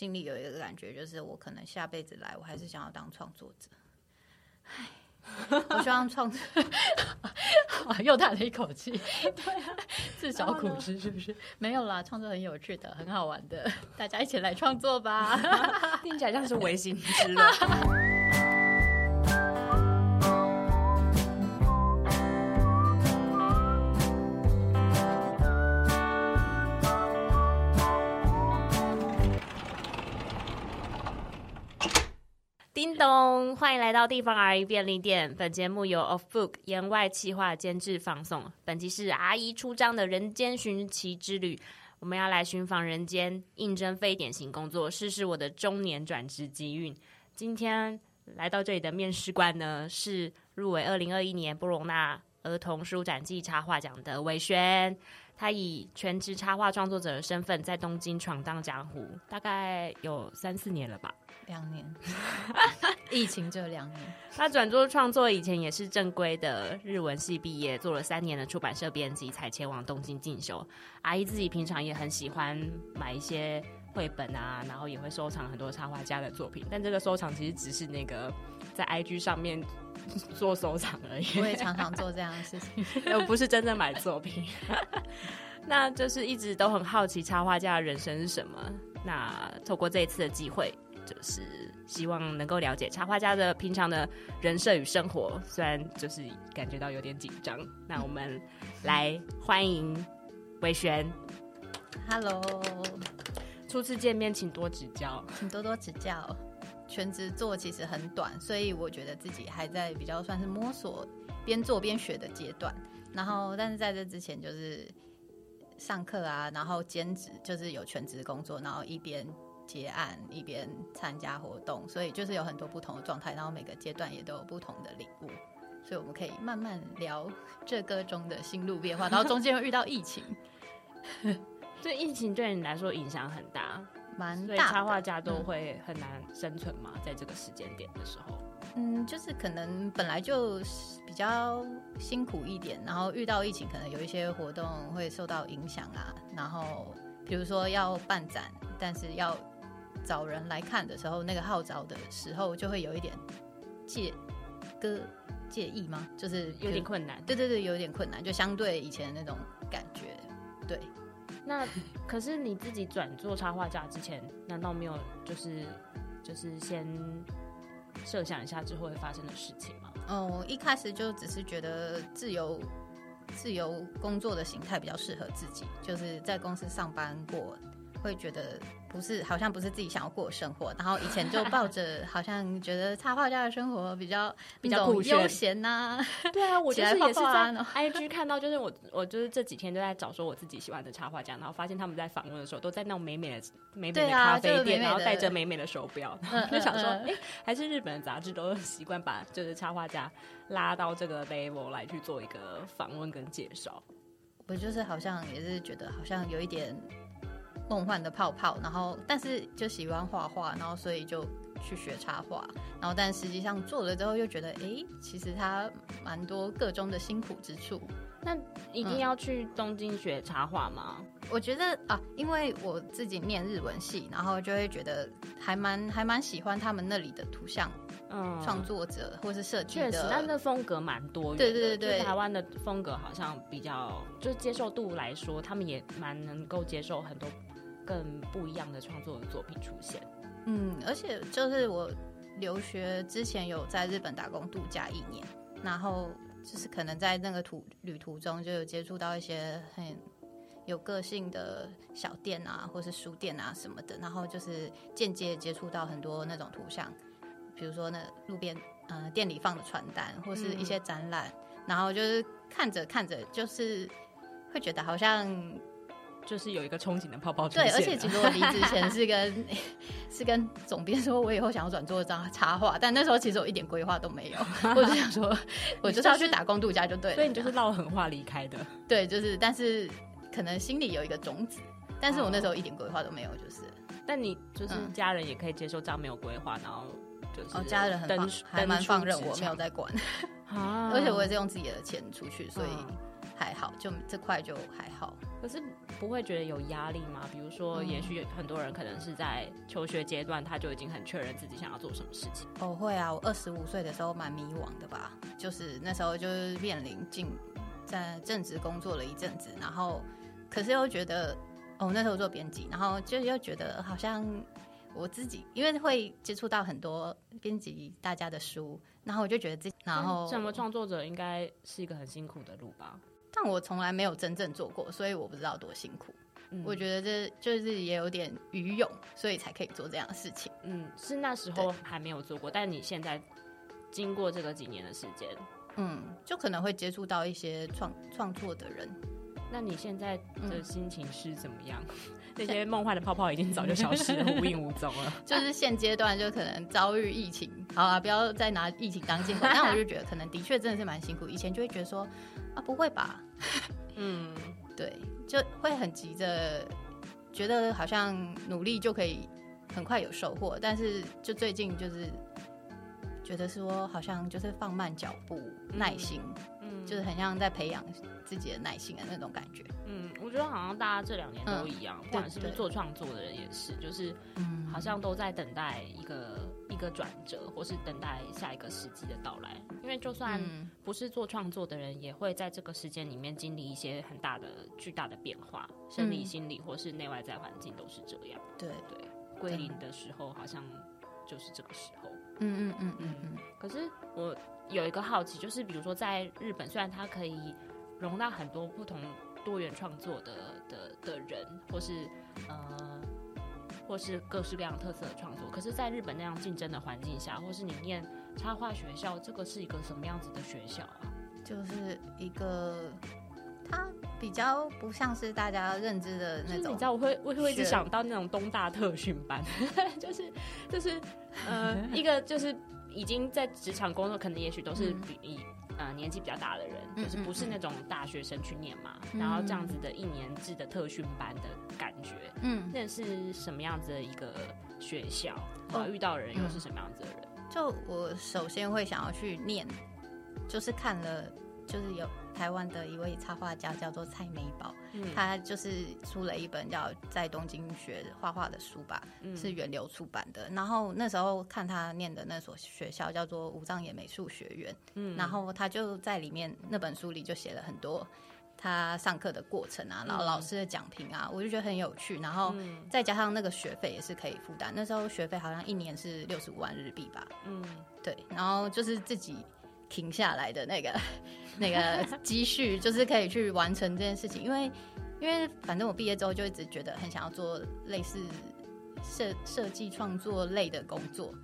心裡有一個感覺，就是我可能下輩子來，我還是想要當創作者。我希望創作， 又嘆了一口氣，對 啊、自找苦吃是不是？ 沒有啦，創作很有趣的，很好玩的，大家一起來創作吧。 聽起來像是違心之論。 咚！歡迎來到地方 R 姨便利店。本節目由 offbook 言外企畫監製放送。本集是 R 姨出張的人間尋奇之旅。我們要來尋訪人間，應徵非典型工作，試試我的中年轉職機運。今天來到這裡的面試官呢，是入圍二零二一年波隆那兒童書展季插畫獎的韋軒。他以全職插畫創作者的身份在東京闖蕩江湖，大概有三四年了吧。兩年， 疫情就兩年， 他轉做創作以前也是正規的日文系畢業，做了三年的出版社編輯，才前往東京進修。阿姨自己平常也很喜歡買一些繪本啊，然後也會收藏很多插畫家的作品，但這個收藏其實只是那個在 IG 上面做收藏而已。我 也常常做這樣的事情，又 不是真正買作品。 那就是一直都很好奇插畫家的人生是什麼？那透過這一次的機會，就是希望能夠了解插畫家的平常的人設與生活。雖然就是感覺到有點緊張，嗯，那我們來、嗯、歡迎偉璇。Hello，初次見面，請多指教，請多多指教。全職做其實很短，所以我覺得自己還在比較算是摸索、邊做邊學的階段。然後，但是在這之前就是。上課啊，然後兼職就是有全職工作，然後一邊接案一邊參加活動，所以就是有很多不同的狀態，然後每個階段也都有不同的領悟，所以我們可以慢慢聊這個中的心路變化。然後中間又遇到疫情，這 疫情對你來說影響很大，蠻大。所以插畫家都會很難生存嘛、嗯，在這個時間點的時候。嗯，就是可能本來就比較辛苦一點，然後遇到疫情，可能有一些活動會受到影響啊。然後比如說要辦展，但是要找人來看的時候，那個號召的時候就會有一點介，個介意嗎？就是有點困難。對對對，有點困難，就相對以前那種感覺。對。 那可是你自己轉做插畫家之前，難道沒有就是就是先？設想一下之後會發生的事情嗎？嗯、oh，我一開始就只是覺得自由、自由工作的形態比較適合自己，就是在公司上班過，會覺得不是，好像不是自己想要過的生活。然後以前就抱着 好像覺得插畫家的生活比較比較悠閒吶、啊。 對啊，我就是也是在 IG 看到，就是我 我就是這幾天都在找說我自己喜歡的插畫家，然後發現他們在訪問的時候都在那種美美的美美的咖啡店，啊就是，美美然後帶着美美的手錶，嗯嗯嗯 就想說哎，欸，還是日本的雜誌都習慣把就是插畫家拉到這個 level 來去做一個訪問跟介紹。我就是好像也是覺得好像有一點。夢幻的泡泡，然後但是就喜歡畫畫，然後所以就去學插畫，然後但實際上做了之後又覺得，哎、欸，其實他蠻多各種的辛苦之處。那一定要去東京學插畫嗎、嗯？我覺得啊，因為我自己念日文系，然後就會覺得還蠻還蠻喜歡他們那裡的圖像，嗯，創作者或是設計，確實，他們的風格蠻多元。對對對對，台灣的風格好像比較，就是、接受度來說，他們也蠻能夠接受很多。更不一樣的創作的作品出現，嗯，而且就是我留學之前有在日本打工度假一年，然後就是可能在那個途旅途中就有接觸到一些很有個性的小店啊，或是書店啊什麼的，然後就是間接接觸到很多那種圖像，比如說那路邊呃店裡放的傳單或是一些展覽，嗯，然後就是看着看着就是會覺得好像。就是有一個憧憬的泡泡出現了對，而且其實我離職前是跟 是跟總編說，我以後想要轉做張插畫，但那時候其實我一點規劃都沒有， 我就想說，我就是要去打工度假就對了。所 以你就是撂狠話離開的。對，就是，但是可能心裡有一個種子，但是我那時候一點規劃都沒有，就是、哦嗯。但你就是家人也可以接受，這樣沒有規劃，然後就是。哦，家人很放還蠻放任我，沒有在管。 啊。而且我也是用自己的錢出去，所以還好，就這塊就還好。可是不會覺得有壓力嗎？比如說，也許很多人可能是在求學階段，他就已經很確認自己想要做什麼事情。嗯、哦，會啊，我二十五歲的時候蠻迷惘的吧，就是那時候就是面臨進在正職工作了一陣子，然後可是又覺得，哦，那時候做編輯，然後就又覺得好像我自己，因為會接觸到很多編輯大家的書，然後我就覺得自己，然後、嗯、什麼創作者應該是一個很辛苦的路吧。但我從來沒有真正做過，所以我不知道多辛苦。嗯，我覺得這就是也有點愚勇，所以才可以做這樣的事情。嗯，是那時候還沒有做過，但你現在經過這個幾年的時間，嗯，就可能會接觸到一些創創作的人。那你現在的心情是怎麼樣？嗯這些夢幻的泡泡已經早就消失 無無了，無影無蹤了。就是現階段，就可能遭遇疫情。好啊，不要再拿疫情當借口。 但我就覺得，可能的確真的是蠻辛苦。以前就會覺得說，啊，不會吧？嗯，對，就會很急着，覺得好像努力就可以很快有收穫。但是就最近，就是覺得說，好像就是放慢腳步，嗯，耐心。就是很像在培養自己的耐心的那種感覺。嗯，我覺得好像大家這兩年都一樣，嗯、不管是不是做創作的人也是，就是好像都在等待一個、嗯、一個轉折，或是等待下一個時機的到來。因為就算不是做創作的人，嗯、也會在這個時間裡面經歷一些很大的、巨大的變化，生理、嗯、心理或是內外在環境都是這樣。對對、對，歸零的時候好像就是這個時候。嗯嗯嗯。嗯其實我有一個好奇，就是比如說在日本，雖然它可以容納很多不同多元創作的的、的人，或是呃，或是各式各樣特色的創作，可是在日本那樣競爭的環境下，或是你念插畫學校，這個是一個什麼樣子的學校啊？就是一個，它比較不像是大家認知的那種。就是、你知道我會，我會我會一直想到那種東大特訓班、 就是，就是就是呃， 一個就是。已經在職場工作，可能也許都是比，嗯、呃年紀比較大的人嗯嗯嗯，就是不是那種大學生去念嘛，嗯嗯，然後這樣子的一年制的特訓班的感覺，嗯，那是什麼樣子的一個學校？遇到的人又是什麼樣子的人，哦嗯？就我首先會想要去念，就是看了，就是有台灣的一位插畫家叫做蔡美寶。嗯、他就是出了一本叫《在東京學畫畫》的書吧，嗯、是源流出版的。然後那時候看他念的那所學校叫做武藏野美術學院、嗯，然後他就在裡面那本書裡就寫了很多他上課的過程啊，然後老師的講評啊、嗯，我就覺得很有趣。然後再加上那個學費也是可以負擔，那時候學費好像一年是六十五萬日幣吧，嗯，對，然後就是自己。停下來的那個，那個積蓄， 就是可以去完成這件事情。因為，因為反正我畢業之後就一直覺得很想要做類似設設計創作類的工作，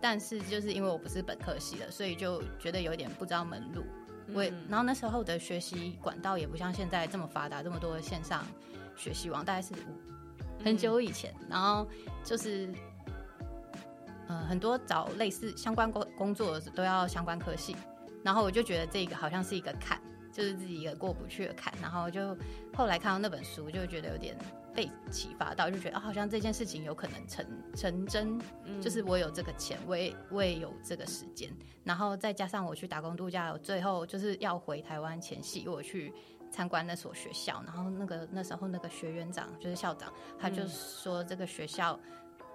但是就是因為我不是本科系的，所以就覺得有一點不知道門路。我嗯嗯然後那時候的學習管道也不像現在這麼發達，這麼多的線上學習網，大概是很久以前，嗯嗯然後就是。嗯，很多找類似相關工工作的都要相關科系，然後我就覺得這個好像是一個坎，就是自己一個過不去的坎。然後就後來看到那本書，就覺得有點被啟發到，就覺得、哦、好像這件事情有可能成成真，就是我有這個錢，我也我也有這個時間。然後再加上我去打工度假，我最後就是要回台灣前夕，我去參觀那所學校，然後那個那時候那個學院長就是校長，他就說這個學校，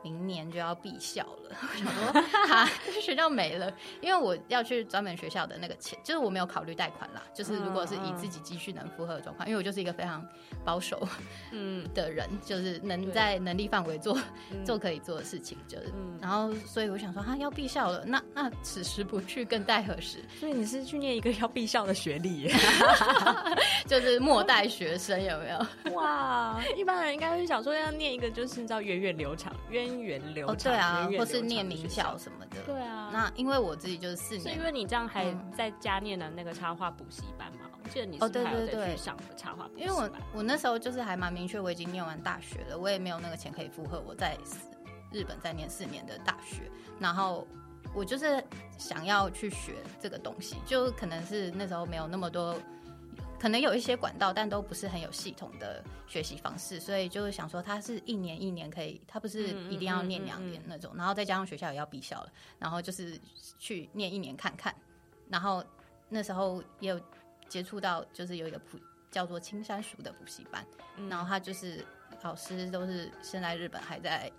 明年就要閉校了， 我想說，啊就是、學校沒了，因為我要去專門學校的那個錢，就是我沒有考慮貸款啦，就是如果是以自己積蓄能負荷的狀況，嗯，因為我就是一個非常保守嗯的人嗯，就是能在能力範圍做、嗯、做可以做的事情，就是，嗯、然後所以我想說，哈、啊，要閉校了，那那此時不去更待何時？所以你是去念一個要閉校的學歷， 就是末代學生有沒有？哇， 一般人應該是想說要念一個就是叫源遠流長源。哦，對啊，或是念名校什麼的，對啊。那因為我自己就是四年，是因為你這樣還在家念的那個插畫補習班嘛？我記得你是還在去上插畫補習班。因為我我那時候就是還蠻明確，我已經念完大學了，我也沒有那個錢可以負荷我在日本再念四年的大學，然後我就是想要去學這個東西，就可能是那時候沒有那麼多。可能有一些管道，但都不是很有系統的學習方式，所以就是想說，他是一年一年可以，他不是一定要念兩年那種。嗯嗯嗯嗯、然後再加上學校也要閉校了，然後就是去念一年看看。然後那時候也有接觸到，就是有一個普叫做青山塾的補習班、嗯，然後他就是老師都是現在日本還在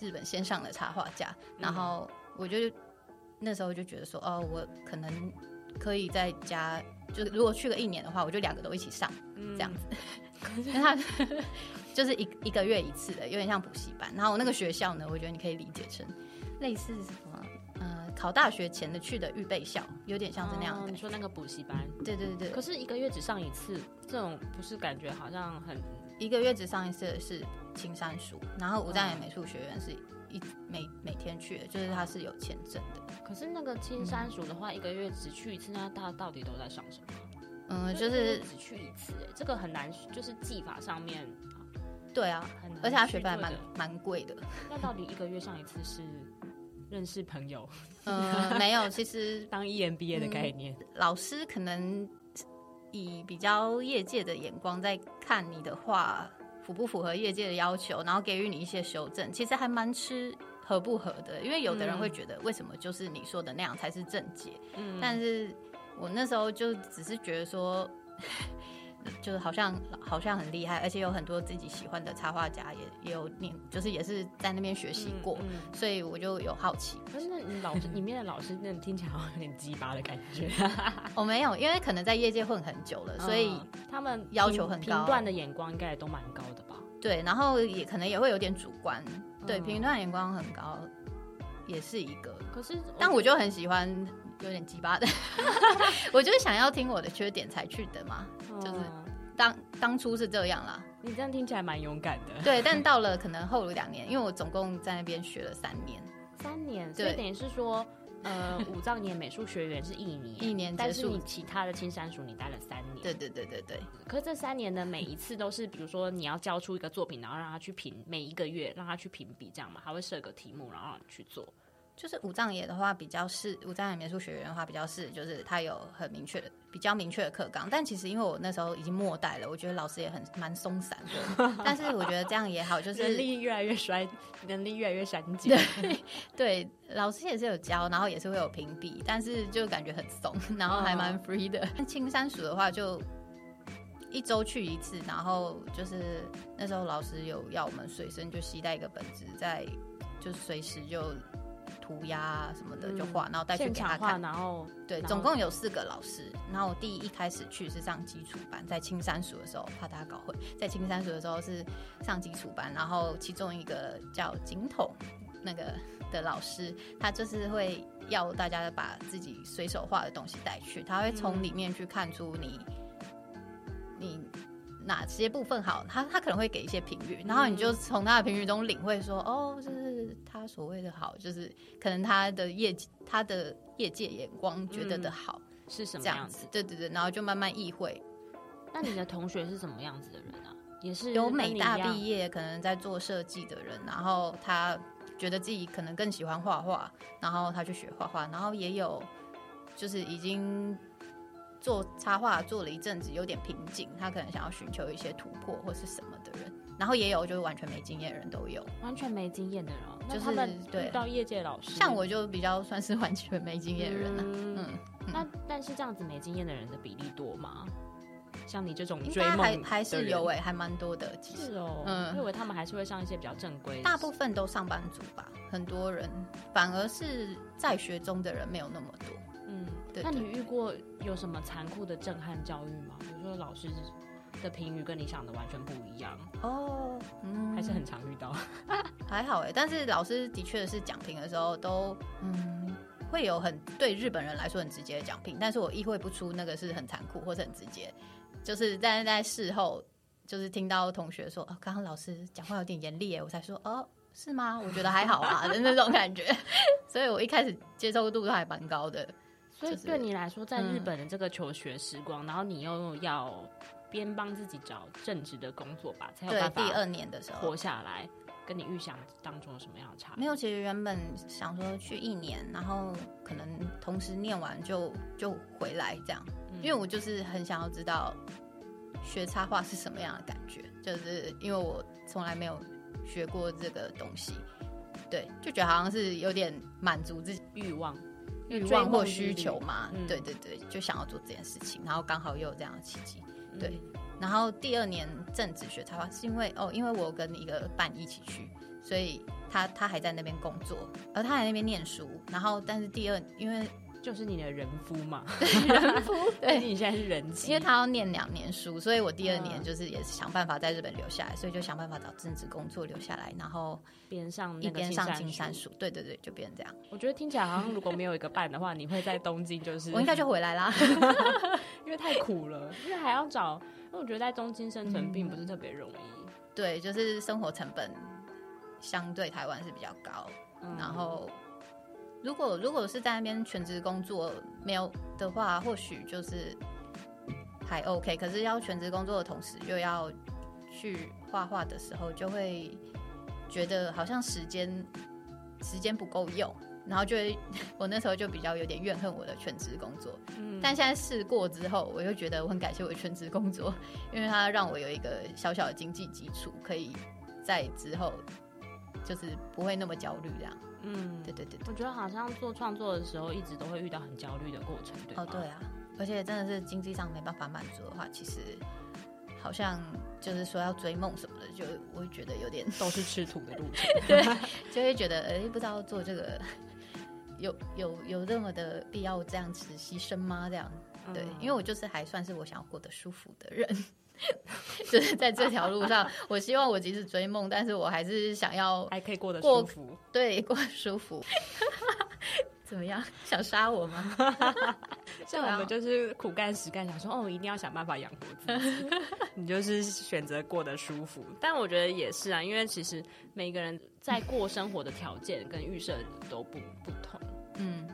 日本線上的插畫家、嗯。然後我就那時候就覺得說，哦，我可能可以在家。就是如果去個一年的話，我就兩個都一起上，嗯、這樣子。那 他 就是一一個月一次的，有點像補習班。然後我那個學校呢，我覺得你可以理解成類似什麼呃考大學前的去的預備校，有點像是那樣、嗯、你說那個補習班？嗯、對，對對對。可是一個月只上一次，這種不是感覺好像很。一個月只上一次是青山塾，然後武藏野美術學院是一每每天去的，就是他是有簽證的。可是那個青山塾的話、嗯，一個月只去一次，那他到底都在上什麼？嗯，就是只去一次，哎，這個很難，就是技法上面，對啊，很難，而且他學費還蠻蠻貴的。那到底一個月上一次是認識朋友？嗯，沒有，其實當 EMBA 的概念，嗯、老師可能。以比較業界的眼光在看你的話，符不符合業界的要求，然後給予你一些修正，其實還蠻吃合不合的。因為有的人會覺得，為什麼就是你說的那樣才是正解？嗯。但是我那時候就只是覺得說。嗯 就是好像好像很厲害，而且有很多自己喜歡的插畫家也，也也有念，就是也是在那邊學習過、嗯嗯，所以我就有好奇。可是那你老師裡 面的老師，那你聽起來好像有點奇葩的感覺。我、 oh, 沒有，因為可能在業界混很久了，嗯，所以他們要求很高。評斷的眼光應該也都蠻高的吧？對，然後也可能也會有點主觀。嗯、對，評斷眼光很高，也是一個。可是，但我就很喜歡有點奇葩的， 我就是想要聽我的缺點才去的嘛。就是當當初是這樣啦，你這樣聽起來蠻勇敢的。對，但到了可能後兩年，因為我總共在那邊學了三年，三年，所以等於是說，呃，武藏 野美術學園是一年，一年結束，但是你其他的青山塾你待了三年。對對對對對，對。可是這三年的每一次都是，比如說你要交出一個作品，然後讓他去評， 每一個月讓他去評比這樣嘛，他會設個題目，然後讓你去做。就是武藏野的話比較是，武藏野美術學園的話比較是。就是它有很明確的、比較明確的課綱，但其實因為我那時候已經末代了，我覺得老師也很蠻鬆散的， 但是我覺得這樣也好，就是能力越來越衰，能力越來越想減。對，老師也是有教，然後也是會有評比，但是就感覺很鬆，然後還蠻 free 的。那 青山塾的話就一周去一次，然後就是那時候老師有要我們隨身就携帶一個本子，在就隨時就。塗鴉、啊、什麼的就畫、嗯，然後帶去給他看。然後對然後，總共有四個老師。然後我第一,一開始去是上基礎班，在青山塾的時候怕大家搞混。在青山塾的時候是上基礎班，然後其中一個叫井桶那個的老師，他就是會要大家把自己隨手畫的東西帶去，他會從裡面去看出你、嗯、你。哪些部分好？他他可能會給一些評語，然後你就從他的評語中領會說，嗯、哦，這是，是，是，是他所謂的好，就是可能他的業他的業界眼光覺得的好，嗯，是什麼樣子，這樣子？對對對，然後就慢慢意會。那你的同學是什麼樣子的人啊？ 也是有美大畢業，可能在做設計的人，然後他覺得自己可能更喜歡畫畫，然後他去學畫畫，然後也有就是已經。做插畫做了一陣子，有點瓶頸，他可能想要尋求一些突破或是什麼的人，然後也有就是完全沒經驗的人都有，完全沒經驗的人，喔，就是對，他們，遇到業界老師，像我就比較算是完全沒經驗的人，啊嗯，嗯，那但是這樣子沒經驗的人的比例多嗎？像你這種追夢還，還是有哎，欸，還蠻多的，其實，是喔，嗯，我以為他們還是會上一些比較正規，大部分都上班族吧，很多人反而是在學中的人沒有那麼多。那你遇過有什麼殘酷的震撼教育嗎？比如說老師的評語跟你想的完全不一樣哦、嗯，還是很常遇到。還好哎， 但是老師的確是講評的時候都嗯會有很對日本人來說很直接的講評，但是我意會不出那個是很殘酷或者很直接，就是在在事後就是聽到同學說哦，剛剛老師講話有點嚴厲哎，我才說哦是嗎？我覺得還好啊 的那種感覺，所以我一開始接受度都還蠻高的。所以對你來說，在日本的這個求學時光，然後你又要邊幫自己找正職的工作吧，才有辦法。對，第二年的時候活下來，跟你預想當中有什麼樣的差？沒有，其實原本想說去一年，然後可能同時念完就就回來這樣。因為我就是很想要知道，學插畫是什麼樣的感覺，就是因為我從來沒有學過這個東西，對，就覺得好像是有點滿足自己欲望。慾望或需求嘛，對對對，就想要做這件事情，然後剛好又有這樣的契機，對。然後第二年政治學插畫是因為哦，因為我跟一個伴一起去，所以他他還在那邊工作，而他還在那邊念書。然後但是第二因為。就是你的人夫嘛， 人夫。 對，你現在是人妻，因為他要念兩年書，所以我第二年就是也是想辦法在日本留下來，嗯、所以就想辦法找正職工作留下來，然後邊上那邊上青山塾。 對對對，就變成這樣。我覺得聽起來好像如果沒有一個伴的話， 你會在東京就是我應該就回來啦， 因為太苦了，因為還要找，因為我覺得在東京生存並不是特別容易，嗯。對，就是生活成本相對台灣是比較高，嗯、然後。如果如果是在那邊全職工作沒有的話，或許就是還 OK。可是要全職工作的同時又要去畫畫的時候，就會覺得好像時間時間不夠用，然後就會我那時候就比較有點怨恨我的全職工作。嗯，但現在試過之後，我又覺得我很感謝我的全職工作，因為它讓我有一個小小的經濟基礎，可以在之後就是不會那麼焦慮這樣。嗯，對，對對對，我覺得好像做創作的時候，一直都會遇到很焦慮的過程，對吧？哦，對啊，而且真的是經濟上沒辦法滿足的話，其實好像就是說要追夢什麼的，就我會覺得有點都是吃土的路程， 對， 就會覺得哎、欸，不知道做這個有有有任何的必要這樣子犧牲嗎？這樣，對、嗯，因為我就是還算是我想要過得舒服的人。 就是在這條路上， 我希望我即使追夢， 但是我還是想要還可以過得舒服， 對，過得舒服。 怎麼樣？想殺我嗎？ 像我們就是苦幹實幹，想說哦，我一定要想辦法養活自己。 你就是選擇過得舒服，但我覺得也是啊，因為其實每一個人在過生活的條件跟預設都不不同，嗯。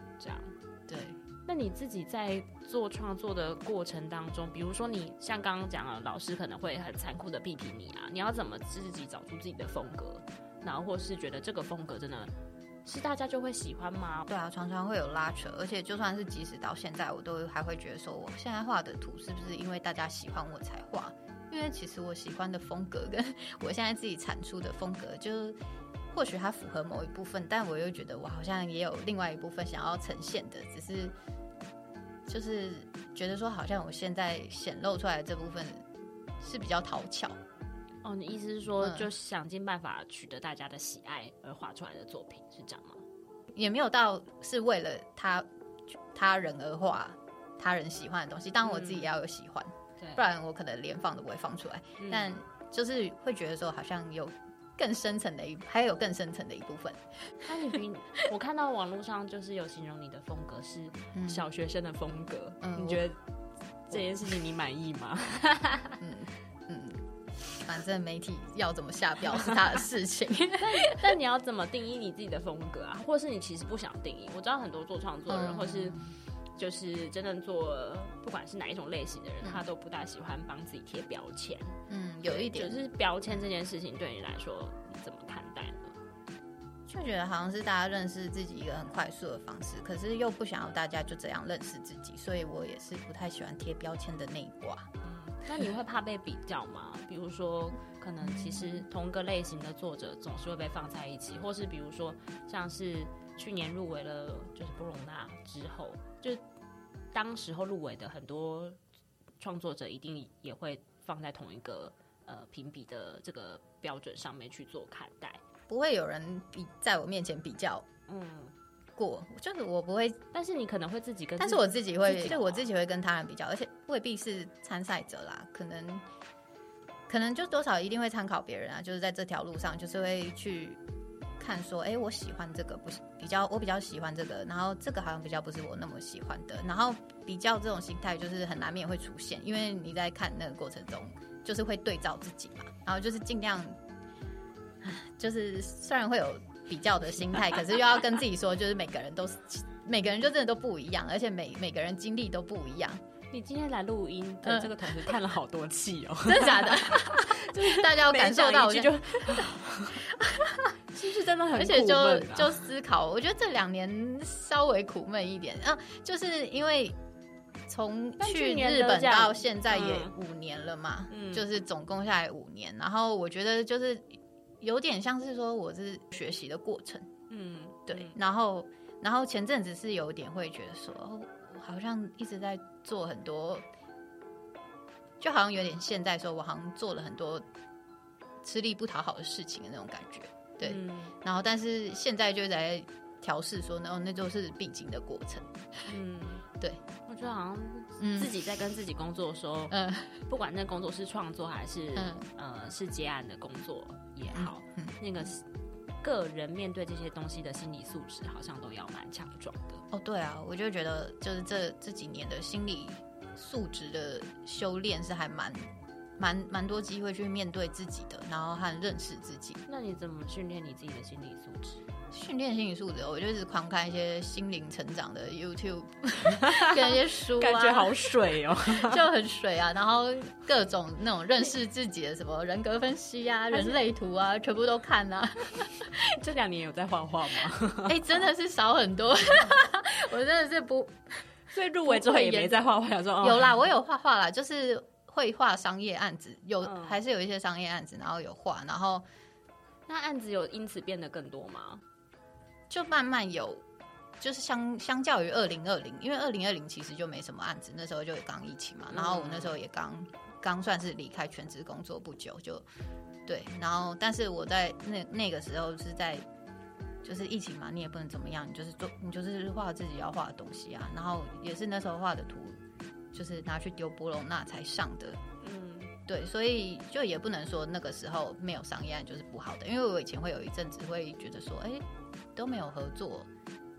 那，你自己在做創作的過程當中，比如說你像剛剛講啊，老師可能會很殘酷的批評你啊，你要怎麼自己找出自己的風格，然後或是覺得這個風格真的是大家就會喜歡嗎？對啊，常常會有拉扯，而且就算是即使到現在，我都還會覺得說，我現在畫的圖是不是因為大家喜歡我才畫？因為其實我喜歡的風格跟我現在自己產出的風格就。或許它符合某一部分，但我又覺得我好像也有另外一部分想要呈現的，只是就是覺得說好像我現在顯露出來的這部分是比較討巧。哦，你意思是說、嗯、就想盡辦法取得大家的喜愛而畫出來的作品是這樣嗎？也沒有到是為了他他人而畫他人喜歡的東西，當然我自己也要有喜歡、嗯對，不然我可能連放都不會放出來。嗯、但就是會覺得說好像有。更深層的一，還有更深層的一部分。那、啊、你比，我看到網絡上就是有形容你的風格是小學生的風格，嗯、你覺得這件事情你滿意嗎？ 嗯，嗯，反正媒體要怎麼下標是他的事情， 但你要怎麼定義你自己的風格啊？或是你其實不想定義？我知道很多做創作人或是。就是真正做，不管是哪一種類型的人，嗯、他都不大喜歡幫自己貼標籤。嗯，有一點。就是標籤這件事情對你來說，你怎麼看待呢？就覺得好像是大家認識自己一個很快速的方式，可是又不想要大家就這樣認識自己，所以我也是不太喜歡貼標籤的那一掛。嗯，那你會怕被比較嗎？ 比如說，可能其實同一個類型的作者總是會被放在一起，或是比如說像是。去年入圍了，就是波隆那之後，就當時候入圍的很多創作者，一定也會放在同一個呃評比的這個標準上面去做看待。不會有人比在我面前比較過，嗯，過就是我不會，但是你可能會自己跟自己，但是我自己會、啊，就我自己會跟他人比較，而且未必是參賽者啦，可能可能就多少一定會參考別人啊，就是在這條路上，就是會去。看說，哎、欸，我喜歡這個，不是比較，我比較喜歡這個，然後這個好像比較不是我那麼喜歡的，然後比較這種心態就是很難免會出現，因為你在看那個過程中，就是會對照自己嘛，然後就是盡量，就是雖然會有比較的心態，可是又要跟自己說，就是每個人都是，每個人就真的都不一樣，而且每每個人經歷都不一樣。你今天來錄音對，呃，這個同事嘆了好多氣哦，真、嗯、的？ 大家有感受到嗎？就 其實真的很，而且就就思考，我覺得這兩年稍微苦悶一點嗯、呃，就是因為從去日本到現在也五年了嘛，嗯，就是總共下來五年。然後我覺得就是有點像是說，我是學習的過程，嗯，對。嗯、然後，然後前陣子是有點會覺得說。好像一直在做很多，就好像有點現在說，我好像做了很多吃力不討好的事情的那種感覺，對。嗯、然後，但是現在就在調試，說，那那就是必經的過程，嗯，對。我覺得好像自己在跟自己工作的時候，嗯，不管那工作是創作還是嗯呃是接案的工作也好，嗯、那個。個人面對這些東西的心理素質好像都要蠻強壯的哦，oh。對啊，我就覺得就是這這幾年的心理素質的修煉是還蠻、蠻、蠻多機會去面對自己的，然後和認識自己。那你怎麼訓練你自己的心理素質？訓練心理素質，我就一直狂看一些心靈成長的 YouTube，跟 一些書、啊。 感覺好水哦、喔， 就很水啊。然後各種那種認識自己的什麼人格分析啊、人類圖啊，全部都看啊。 這兩年有在畫畫嗎？哎、 欸，真的是少很多。 我真的是不，最入圍之後也沒在畫畫。 說有啦， 我有畫畫啦，就是會畫商業案子，有、嗯、還是有一些商業案子，然後有畫。然後那案子有因此變得更多嗎？就慢慢有，就是相相較於二零二零，因為二零二零其實就沒什麼案子，那時候就剛疫情嘛，然後我那時候也剛剛算是離開全職工作不久，就對，然後但是我在那那個時候是在就是疫情嘛，你也不能怎麼樣，你就是做你就是畫自己要畫的東西啊，然後也是那時候畫的圖，就是拿去丟波隆那才上的，嗯，對，所以就也不能說那個時候沒有商業案就是不好的，因為我以前會有一陣子會覺得說，哎、欸。都沒有合作，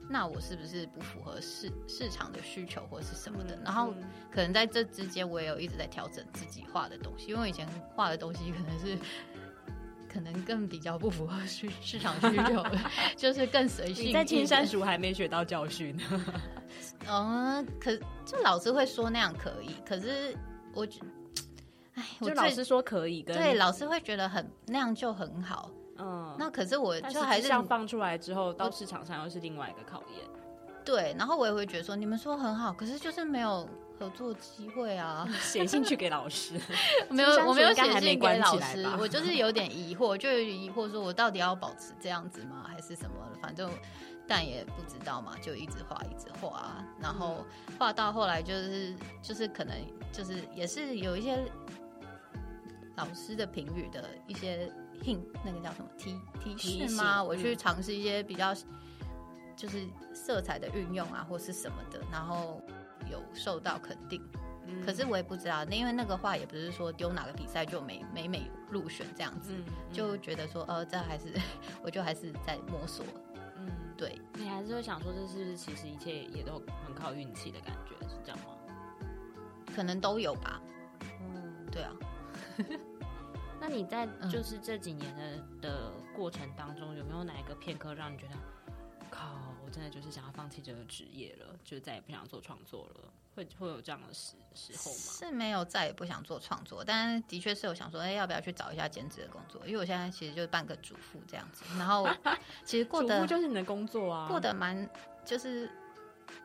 那我是不是不符合市市場的需求，或是什麼的、嗯？然後可能在這之間，我也有一直在調整自己畫的東西，因為我以前畫的東西可能是，可能更比較不符合市市場需求， 就是更隨性的。在青山塾還沒學到教訓呢。 嗯，可就老師會說那樣可以，可是我，哎，就老師說可以，跟對老師會覺得很那樣就很好。嗯，那可是我就還是這樣放出來之後到市場上又是另外一個考驗。對，然後我也會覺得說，你們說很好，可是就是沒有合作機會啊。寫信去給老師， 我沒有沒關我沒有寫信給老師， 我就是有點疑惑，就有點疑惑說我到底要保持這樣子嗎，還是什麼？反正但也不知道嘛，就一直畫一直畫，然後畫到後來就是就是可能就是也是有一些老師的評語的一些。那個叫什麼 t t 是嗎？嗯、我去嘗試一些比較，就是色彩的運用啊，或是什麼的，然後有受到肯定，嗯。可是我也不知道，因為那個畫也不是說丟哪個比賽就每每每入選這樣子，嗯嗯，就覺得說呃，這還是我就還是在摸索。嗯，對你還是會想說，這是不是其實一切也都很靠運氣的感覺？是這樣嗎？可能都有吧。嗯、對啊。 那你在就是這幾年的的過程當中，嗯，有沒有哪一個片刻讓你覺得，靠，我真的就是想要放棄這個職業了，就再也不想做創作了？會會有這樣的時時候嗎？是沒有，再也不想做創作，但的確是有想說，哎、欸，要不要去找一下兼職的工作？因為我現在其實就是半個主婦這樣子，然後其實過得、啊、主婦就是你的工作啊，過得蠻就是。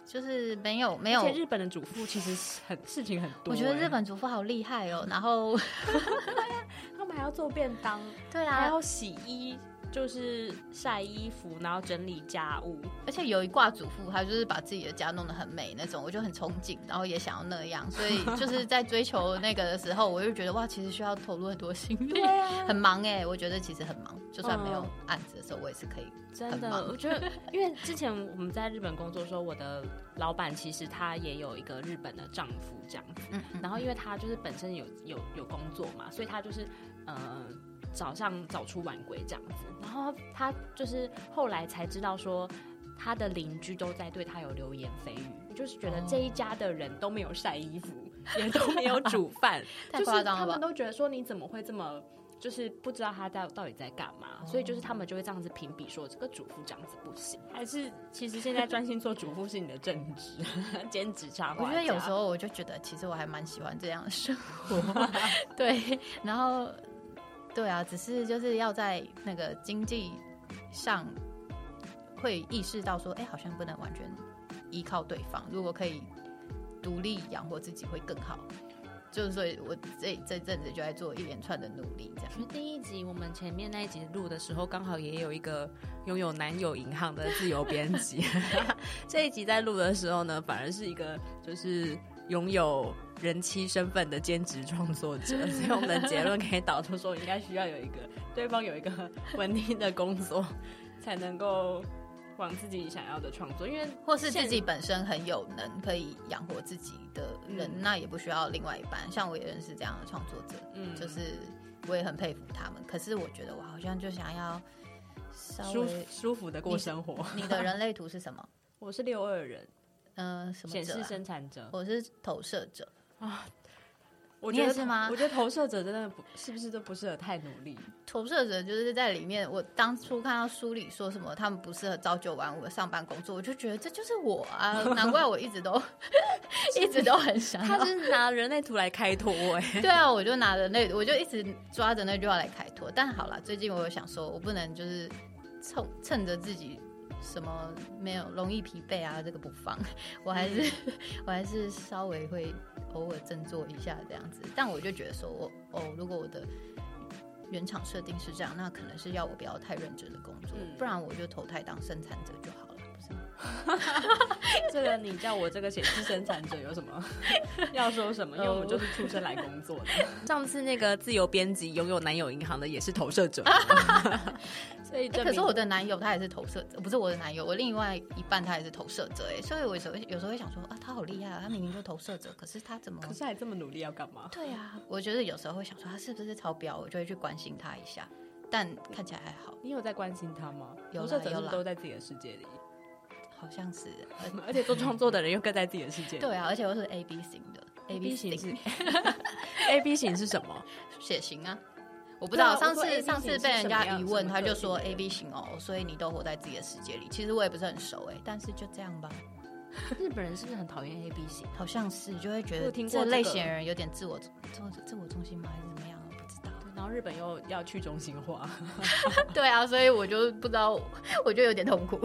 就是沒有沒有，而且日本的主婦其實很 事情很多，欸，我覺得日本主婦好厲害哦。然後 他們還要做便當，對啊，還要洗衣。就是曬衣服，然後整理家務，而且有一掛主婦，他就是把自己的家弄得很美那種，我就很憧憬，然後也想要那樣，所以就是在追求那個的時候， 我就覺得哇，其實需要投入很多心力，很忙哎，欸，我覺得其實很忙，就算沒有案子的時候，我也是可以真的。 我覺得，因為之前我們在日本工作的時候，我的老闆其實他也有一個日本的丈夫這樣子，嗯嗯，然後因為他就是本身有有有工作嘛，所以他就是嗯。呃早上早出晚歸這樣子，然後他就是後來才知道說，他的鄰居都在對他有流言蜚語，就是覺得這一家的人都沒有曬衣服，也都沒有煮飯，太 是了吧？他們都覺得說，你怎麼會這麼就是不知道他在到底在幹嘛？ 所以就是他們就會這樣子評比說，這個主婦這樣子不行，還是其實現在專心做主婦是你的正職 兼職差不多？我覺得有時候我就覺得，其實我還蠻喜歡這樣的生活。 對，然後。對啊，只是就是要在那個經濟上會意識到說，哎、欸，好像不能完全依靠對方，如果可以獨立養活自己會更好。就是所以我這這陣子就在做一連串的努力，這樣。第一集我們前面那一集錄的時候，剛好也有一個擁有男友銀行的自由編輯， 這一集在錄的時候呢，反而是一個就是擁有人妻身份的兼職創作者，所以我們的結論可以導出說，應該需要有一個對方有一個穩定的工作，才能夠往自己想要的創作。因為或是自己本身很有能，可以養活自己的人，嗯、那也不需要另外一半。像我也認識這樣的創作者，嗯，就是我也很佩服他們。可是我覺得我好像就想要稍微舒服的過生活。你。你的人類圖是什麼？我是六二人。呃，什麼、啊？顯示生產者，我是投射者啊、哦。你也是嗎？我覺得投射者真的不，是不是都不適合太努力？投射者就是在裡面，我當初看到書裡說什麼他們不適合朝九晚五的上班工作，我就覺得這就是我啊， 難怪我一直都 一直都很想。 他是拿人類圖來開脫、欸，哎， 對啊，我就拿人類，我就一直抓着那句話來開脫。但好了，最近我有想說，我不能就是蹭趁着自己。什麼沒有容易疲憊啊？這個不放，我還是、嗯、我還是稍微會偶爾振作一下這樣子。但我就覺得說，我哦，哦，如果我的原廠設定是這樣，那可能是要我不要太認真的工作，嗯、不然我就投胎當生產者就好。 這個你叫我這個顯示生產者有什麼要說什麼？因為我們就是出生來工作的。 上次那個自由編輯擁有男友銀行的也是投射者，所以可是我的男友他也是投射者，不是我的男友，我另外一半他也是投射者哎、欸。所以我有時候有時候會想說啊，他好厲害、啊，他明明就投射者，可是他怎麼可是還這麼努力要幹嘛？對啊，我覺得有時候會想說他是不是超標，我就會去關心他一下，但看起來還好。你有在關心他嗎？投射者都是都在自己的世界裡。好像是，嗯、而且做創作的人又更在自己的世界。 對啊，而且我是 A B 型的。A B 型是 A B 型是什麼？血型啊，我不知道。上次、啊、上次被人家疑問，他就說 A B 型哦、喔，所以你都活在自己的世界裡。其實我也不是很熟哎、欸，但是就這樣吧。日本人是不是很討厭 A B 型？ 好像是，就會覺得這類型的人有點自我自我中心嗎？還是怎麼樣？然後日本又要去中心化， 對啊，所以我就不知道，我就有點痛苦。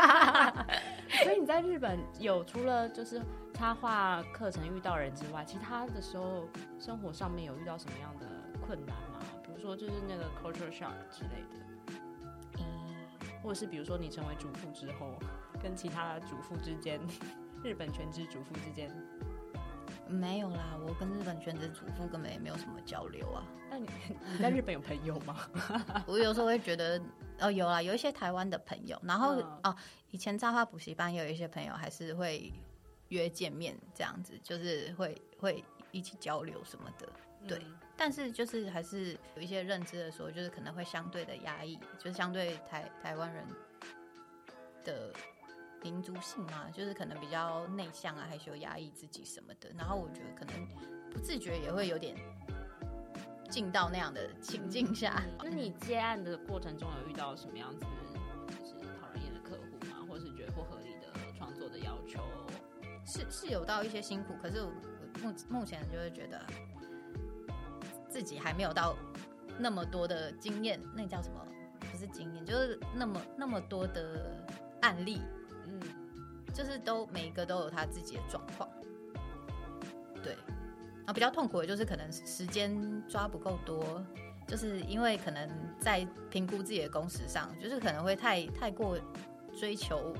所以你在日本有除了就是插畫課程遇到人之外，其他的時候生活上面有遇到什麼樣的困難嗎？比如說就是那個 culture shock 之類的，嗯，或者是比如說你成為主婦之後，跟其他的主婦之間，日本全職主婦之間。沒有啦，我跟日本全職主婦根本也沒有什麼交流啊。那你你在日本有朋友嗎？ 我有時候會覺得，哦，有啦，有一些台灣的朋友，然後、嗯、哦，以前插畫補習班也有一些朋友，還是會約見面這樣子，就是會會一起交流什麼的。對、嗯，但是就是還是有一些認知的時候，就是可能會相對的壓抑，就是相對台台灣人的。民族性嘛，就是可能比較內向啊，害羞、壓抑自己什麼的。然後我覺得可能不自覺也會有點進到那樣的情境下、嗯。那你接案的過程中有遇到什麼樣子就是討人厭的客戶嗎？或是覺得不合理的創作的要求？是是有到一些辛苦，可是我目目前就會覺得自己還沒有到那麼多的經驗。那叫什麼？不是經驗，就是那麼那麼多的案例。就是都每一個都有他自己的狀況，對，啊，比較痛苦的就是可能時間抓不夠多，就是因為可能在評估自己的工時上，就是可能會太太過追求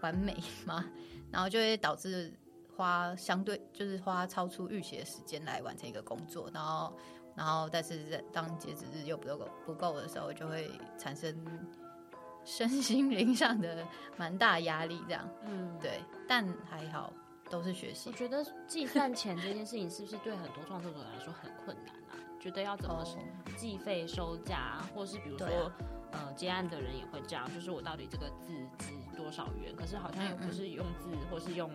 完美嘛，然後就會導致花相對就是花超出預期的時間來完成一個工作，然後然後但是當截止日又不夠不夠的時候，就會產生。身心靈上的蠻大壓力，這樣，嗯，對，但還好都是學習。我覺得計算錢這件事情是不是對很多創作者來說很困難啊？ 覺得要怎麼計費收價，哦，或是比如說，啊，呃，接案的人也會這樣，就是我到底這個字值多少元？可是好像又不是用字，嗯嗯，或是用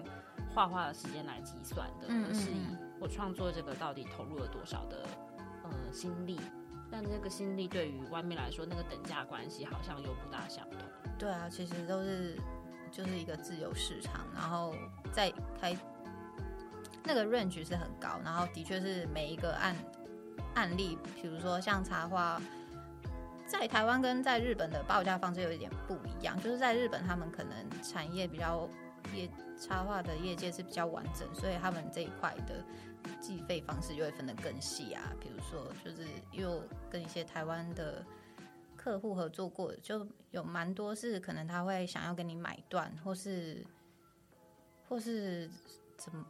畫畫的時間來計算的，嗯嗯嗯，而是以我創作這個到底投入了多少的，呃，心力。但這個心力對於外面來說，那個等價關係好像又不大相同。對啊，其實都是就是一個自由市場，然後在台那個 range 是很高，然後的確是每一個案、案例，比如說像插畫，在台灣跟在日本的報價方式有一點不一樣，就是在日本他們可能產業比較業，插畫的業界是比較完整，所以他們這一塊的。計費方式就會分得更細啊，比如說就是又跟一些台灣的客戶合作過，就有蠻多是可能他會想要跟你買斷，或是或是怎麼，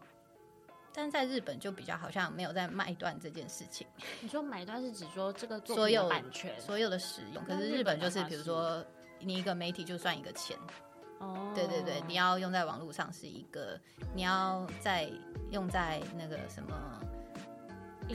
但在日本就比較好像沒有在賣斷這件事情。你說買斷是指說這個作品的所有版權所有的使用，可是日本就是比如說你一個媒體就算一個錢。哦、oh.，對對對，你要用在網絡上是一個，你要在用在那個什麼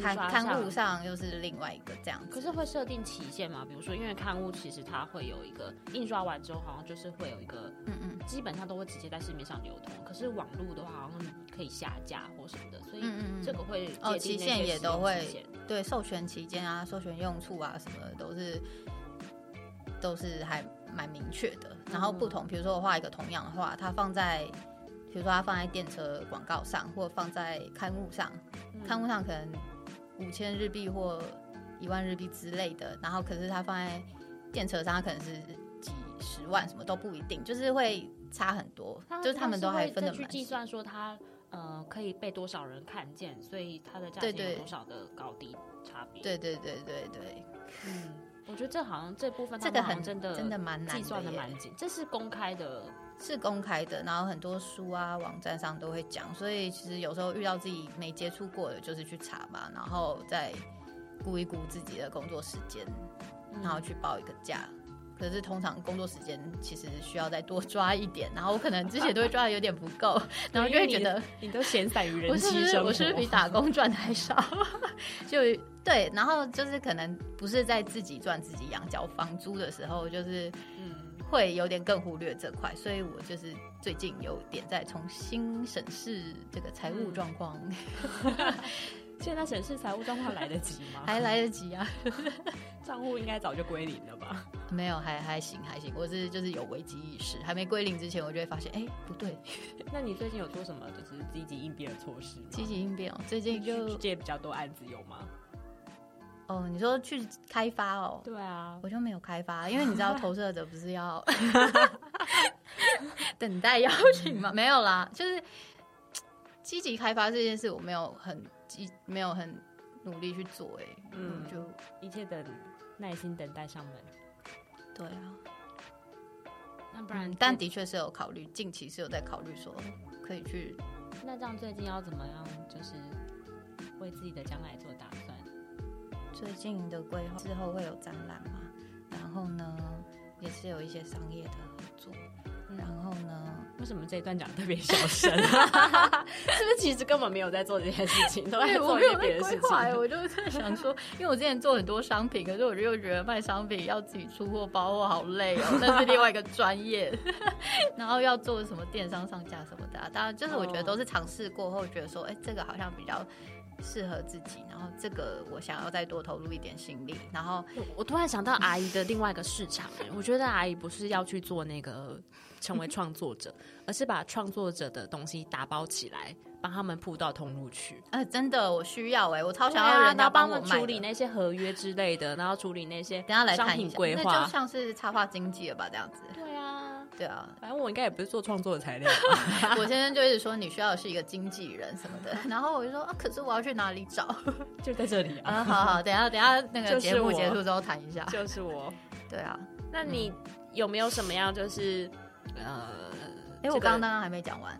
刊刊物上又是另外一個這樣子。可是會設定期限嗎？比如說，因為刊物其實它會有一個印刷完之後好像就是會有一個，嗯嗯，基本上都會直接在市面上流通。可是網絡的話好像可以下架或什麼的，所以這個會嗯嗯嗯哦，期限也都會，對，授權期間啊，授權用處啊什麼的都是都是還。蠻明確的，然後不同，比如說我畫一個同樣的畫，它放在，比如說它放在電車廣告上，或放在刊物上，刊物上可能五千日幣或一萬日幣之類的，然後可是它放在電車上，它可能是幾十萬，什麼都不一定，就是會差很多。就是他們都還分得。再去計算說它，呃，可以被多少人看見，所以它的價錢有多少的高低差別。對對，對對對對對，嗯。我覺得這好像這部分真的這個很真的真的蠻難計算的蠻緊。這是公開的，是公開的。然後很多書啊、網站上都會講，所以其實有時候遇到自己沒接觸過的，就是去查嘛，然後再估一估自己的工作時間，然後去報一個價。嗯可是通常工作時間其實需要再多抓一點，然後我可能之前都會抓的有點不夠， 然後就會覺得你都閒散於人生，我是不是，我是不是比打工賺的還少。 就對，然後就是可能不是在自己賺自己養交房租的時候，就是嗯，會有點更忽略這塊，所以我就是最近有點在重新審視這個財務狀況。現在審視財務狀況來得及嗎？ 還來得及啊，賬 戶應該早就歸零了吧？沒有，還還行還行，我是就是有危機意識，還沒歸零之前，我就會發現，哎、欸，不對。 那你最近有做什麼就是積極應變的措施？積極應變哦，最近就接比較多案子有嗎？哦，你說去開發哦？對啊，我就沒有開發，因為你知道投射者不是要 等待邀請嗎？嗯？沒有啦，就是。積極開發這件事，我沒有很積，沒有很努力去做，欸，嗯，就一切等耐心等待上門。對啊，那不然，嗯，但的確是有考慮，近期是有在考慮說可以去。那這樣最近要怎麼樣，就是為自己的將來做打算？最近的規劃之後會有展覽嗎？然後呢，也是有一些商業的合作。然後呢，為什麼這一段講得特別小聲？ 是不是其實根本沒有在做這件事情，都在做一些別的事情？我，在欸、我就是想說，因為我之前做很多商品，可是我就覺得賣商品要自己出貨包貨，我好累哦、喔，那是另外一個專業。 然後要做什麼電商上架什麼的、啊，當然就是我覺得都是嘗試過後，覺得說，哎、欸，這個好像比較適合自己，然後這個我想要再多投入一點心力。然後我,我突然想到阿姨的另外一個市場、欸， 我覺得阿姨不是要去做那個成為創作者， 而是把創作者的東西打包起來，幫他們鋪到通路去。呃，真的，我需要哎、欸，我超想要人家幫我,、啊、我買處理那些合約之類的，然後處理那些商品規劃，那就像是插畫經紀了吧，這樣子。對啊。對啊，反正我應該也不是做創作的材料。 我先生就一直說，你需要的是一個經紀人什麼的，然後我就說啊，可是我要去哪裡找？就在這裡啊。嗯、好好，等下等下，等一下那個節目結束之後談一下、就是。就是我。對啊，那你有沒有什麼樣就是、嗯、呃？哎、欸這個，我剛剛剛剛還沒講完，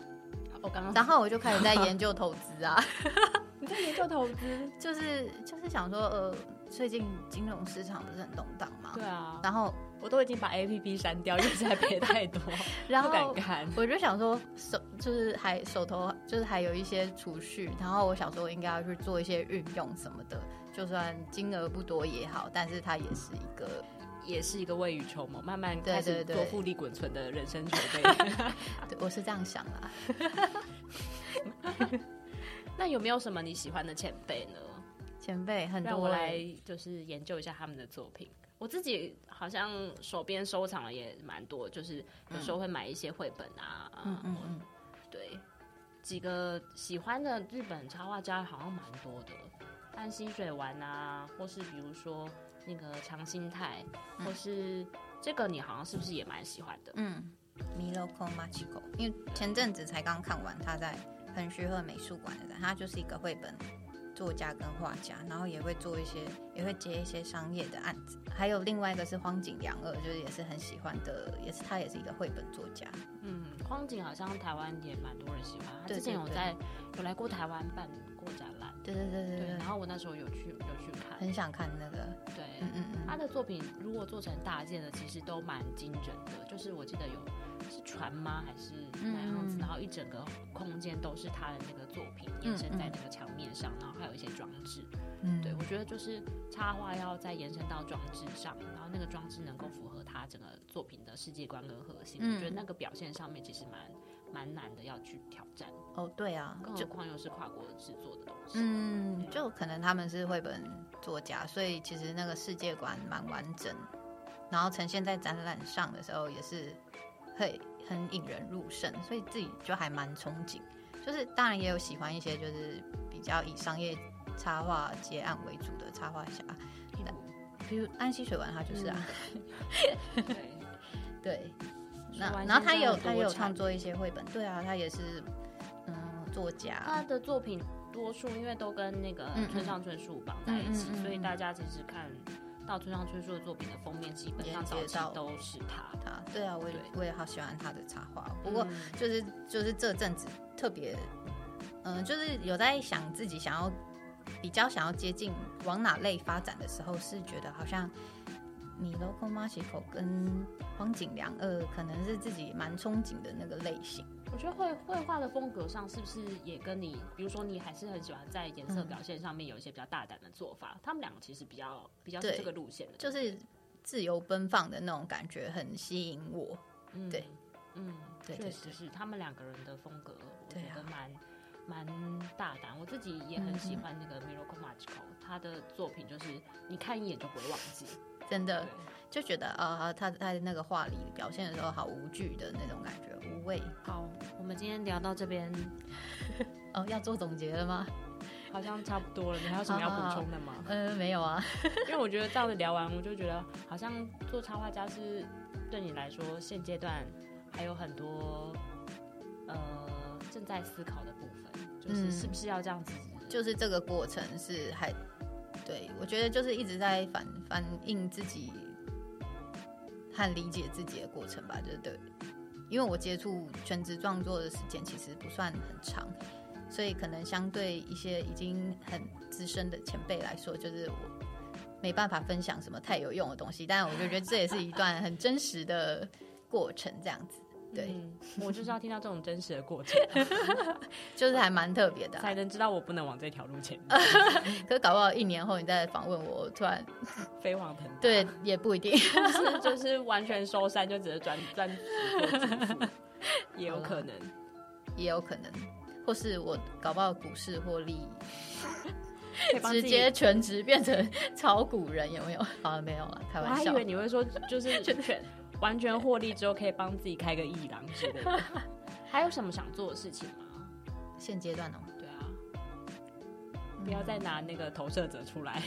我剛剛。然後我就開始在研究投資啊。 你在研究投資？就是就是想說呃。最近金融市場不是很動盪嗎？對啊，然後我都已經把 APP 刪掉，一直在賠太多 然後，不敢看。我就想說，手就是還手頭就是還有一些儲蓄，然後我想說我應該要去做一些運用什麼的，就算金額不多也好，但是它也是一個也是一個未雨綢繆，慢慢對對，做複利滾存的人生儲備。對，對，對。 對，我是這樣想啦。 那有沒有什麼你喜歡的前輩呢？前輩很多，我來就是研究一下他們的作品。我自己好像手邊收藏了也蠻多，就是有時候會買一些繪本啊。嗯啊嗯，嗯，嗯。對，幾個喜歡的日本插畫家好像蠻多的，安西水丸啊，或是比如說那個長新太、嗯，或是這個你好像是不是也蠻喜歡的？嗯，Miloco Machiko、嗯、因為前陣子才剛看完他在橫須賀美術館的，他就是一個繪本作家跟畫家，然後也會做一些，也會接一些商業的案子。還有另外一個是荒井良二，就是也是很喜歡的，也是他也是一個繪本作家。嗯，荒井好像台灣也蠻多人喜歡，他之前有在，對對對，有來過台灣辦過展。對對對對對，對，然後我那時候有去有去看，很想看那個。對，嗯，嗯，嗯，他的作品如果做成大件的，其實都蠻精準的。就是我記得有是船嗎？還是哪樣子，嗯嗯？然後一整個空間都是他的那個作品延伸在那個牆面上，嗯嗯，然後還有一些裝置。嗯，對我覺得就是插畫要再延伸到裝置上，然後那個裝置能夠符合他整個作品的世界觀跟核心。嗯嗯，我覺得那個表現上面其實蠻蠻難的，要去挑戰哦。oh, 對啊，這、oh. 況又是跨國製作的東西。嗯，就可能他們是繪本作家，所以其實那個世界觀蠻完整，然後呈現在展覽上的時候也是會很引人入勝，所以自己就還蠻憧憬。就是當然也有喜歡一些就是比較以商業插畫接案為主的插畫家，比如，但比如安西水丸他就是啊，嗯、 對。 對那然後他有，有他也有創作一些繪本，對啊，他也是嗯作家。他的作品多數因為都跟那個村上春樹綁在一起嗯嗯，所以大家其實看到村上春樹的作品的封面，基本上早期都是他。他，他對啊，我也我也好喜歡他的插畫。不過就是就是這陣子特別嗯、嗯，就是有在想自己想要比較想要接近往哪類發展的時候，是覺得好像。米羅科馬奇可跟荒井良二，呃，可能是自己蠻憧憬的那個類型。我覺得繪繪畫的風格上，是不是也跟你，比如說你還是很喜歡在顏色表現上面有一些比較大膽的做法？嗯、他們兩個其實比較比較是這個路線的對對，就是自由奔放的那種感覺，很吸引我。嗯、對，嗯，確實是他們兩個人的風格，我覺得蠻蠻、啊、大膽。我自己也很喜歡那個米羅科馬奇可，他的作品就是你看一眼就不會忘記。 真的就覺得，呃、哦，他在那個畫裡表現的時候，好無懼的那種感覺，無畏。好，我們今天聊到這邊、 哦，要做總結了嗎？好像差不多了，你還有什麼要補充的嗎、啊啊？呃，沒有啊， 因為我覺得這樣子聊完，我就覺得好像做插畫家是對你來說現階段還有很多呃正在思考的部分，就是是不是要這樣子？嗯、就是這個過程是還。對，我覺得就是一直在反反映自己和理解自己的過程吧，就是對，因為我接觸全職創作的時間其實不算很長，所以可能相對一些已經很資深的前輩來說，就是我沒辦法分享什麼太有用的東西，但我就覺得這也是一段很真實的過程，這樣子。對、嗯，我就是要聽到這種真實的過程， 啊、就是還蠻特別的、啊，才能知道我不能往這條路前面、 啊。可是搞不好一年後你再訪問我，我突然飛黃騰達。對，也不一定， 是就是完全收山，就只是轉轉。也有可能，也有可能，或是我搞不好股市獲利益，直接全職變成炒股人，有沒有？好 了、啊，沒有了、啊，開玩笑。我還以為你會說，就是全全。 完全獲利之後，可以幫自己開個藝廊之類的。 還有什麼想做的事情嗎？現階段呢、哦？對啊、嗯，不要再拿那個投射者出來。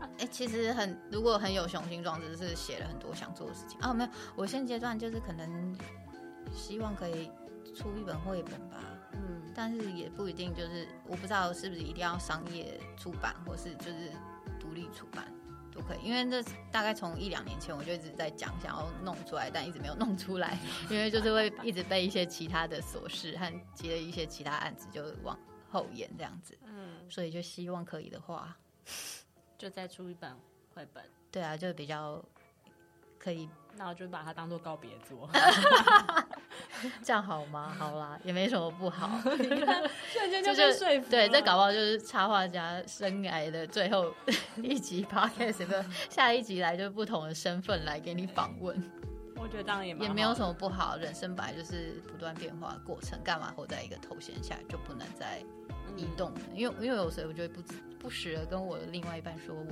哎、 欸，其實很，如果很有雄心壯志，是寫了很多想做的事情啊、哦。沒有，我現階段就是可能希望可以出一本繪本吧。嗯，但是也不一定，就是我不知道是不是一定要商業出版，或是就是獨立出版。都可以，因為這大概從一兩年前我就一直在講，想要弄出來，但一直沒有弄出來， 因為就是會一直被一些其他的瑣事和接一些其他案子就往後延這樣子，嗯，所以就希望可以的話，就再出一本繪本，對啊，就比較可以。那我就把它當作告別做告別作，這樣好嗎？好啦，也沒什麼不好。 你看瞬間就被說服了，就就就對，這搞不好就是插畫家生涯的最後一集 podcast， 下一集來就不同的身份來給你訪問。我覺得當然也，也沒有什麼不好，人生本來就是不斷變化的過程，幹嘛活在一個頭銜下就不能再移動？嗯。因為因為有所以我就不不時的跟我另外一半說我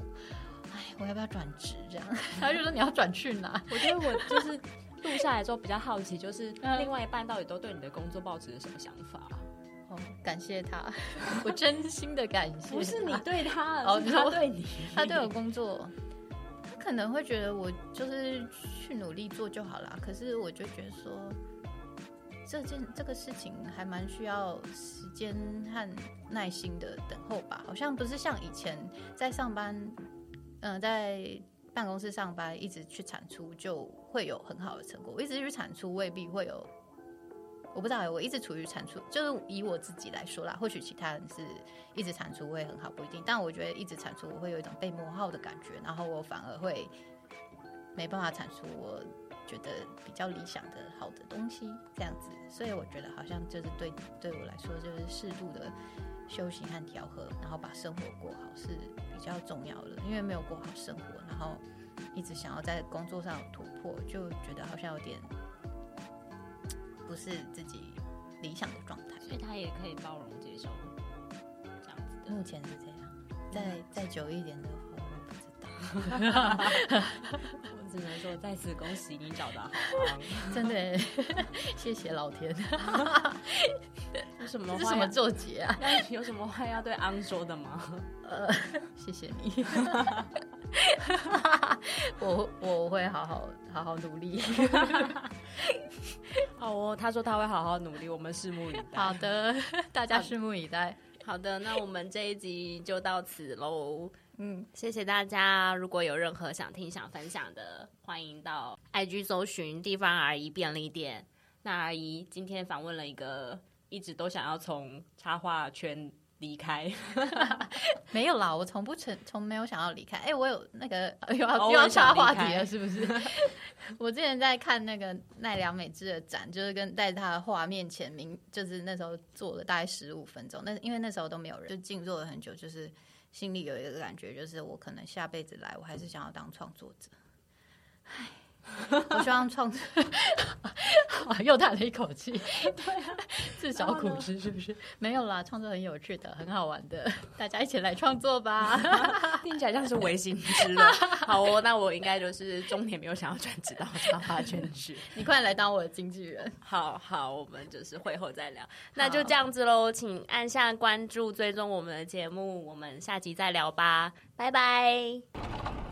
哎，我要不要轉職？這樣， 他就說你要轉去哪？我覺得我就是錄下來之後比較好奇，就是另外一半到底都對你的工作抱持着什麼想法？ 哦，感謝他，我真心的感謝。 不是你對他，哦， 他對你，他對我工作，他可能會覺得我就是去努力做就好了。可是我就覺得說，這件這個事情還蠻需要時間和耐心的等候吧。好像不是像以前在上班。嗯、呃，在辦公室上班，一直去產出，就會有很好的成果。我一直去產出，未必會有。我不知道，我一直處於產出，就是以我自己來說啦。或許其他人是一直產出會很好，不一定。但我覺得一直產出，我會有一種被磨耗的感覺，然後我反而會沒辦法產出我覺得比較理想的好的東西。這樣子，所以我覺得好像就是對你對我來說，就是適度的。休息和調和，然後把生活過好是比較重要的。因為沒有過好生活，然後一直想要在工作上有突破，就覺得好像有點不是自己理想的狀態。所以他也可以包容接受這樣子的。目前是這樣，再再、嗯、久一點的話，我不知道。 我只能說，再次恭喜你找到好老公。 真的耶， 謝謝老天。 有什麼話？什麼作結啊？有什麼話要對安說的嗎？ 呃，謝謝你。 我我會好好好好努力。哦、 oh,，他說他會好好努力，我們拭目以待。好的，大家拭目以待。好，好的，那我們這一集就到此嘍。 嗯，謝謝大家。如果有任何想聽想分享的，歡迎到 IG 搜尋地方阿姨便利店。那阿姨今天訪問了一個。一直都想要從插畫圈離開 ，沒有啦，我從不曾，從沒有想要離開。哎、欸，我有那個又要、oh, 又要岔話題了，是不是？我之前在看那個奈良美智的展，就是跟在他的畫面前,就是那時候坐了大概十五分鐘，那因為那時候都沒有人，就靜坐了很久，就是心裡有一個感覺，就是我可能下輩子來，我還是想要當創作者， 我希望創作、 啊啊，又嘆了一口氣。 對啊，自找苦吃是不是、 啊？沒有啦，創作很有趣的，很好玩的，大家一起來創作吧、 啊。聽起來像是違心之論。好哦，那我應該就是中年，沒有想要轉職到插畫圈去。 你快來當我的經紀人。好好，我們就是會後再聊。那就這樣子嘍，請按下關注，追蹤我們的節目。我們下集再聊吧，拜拜。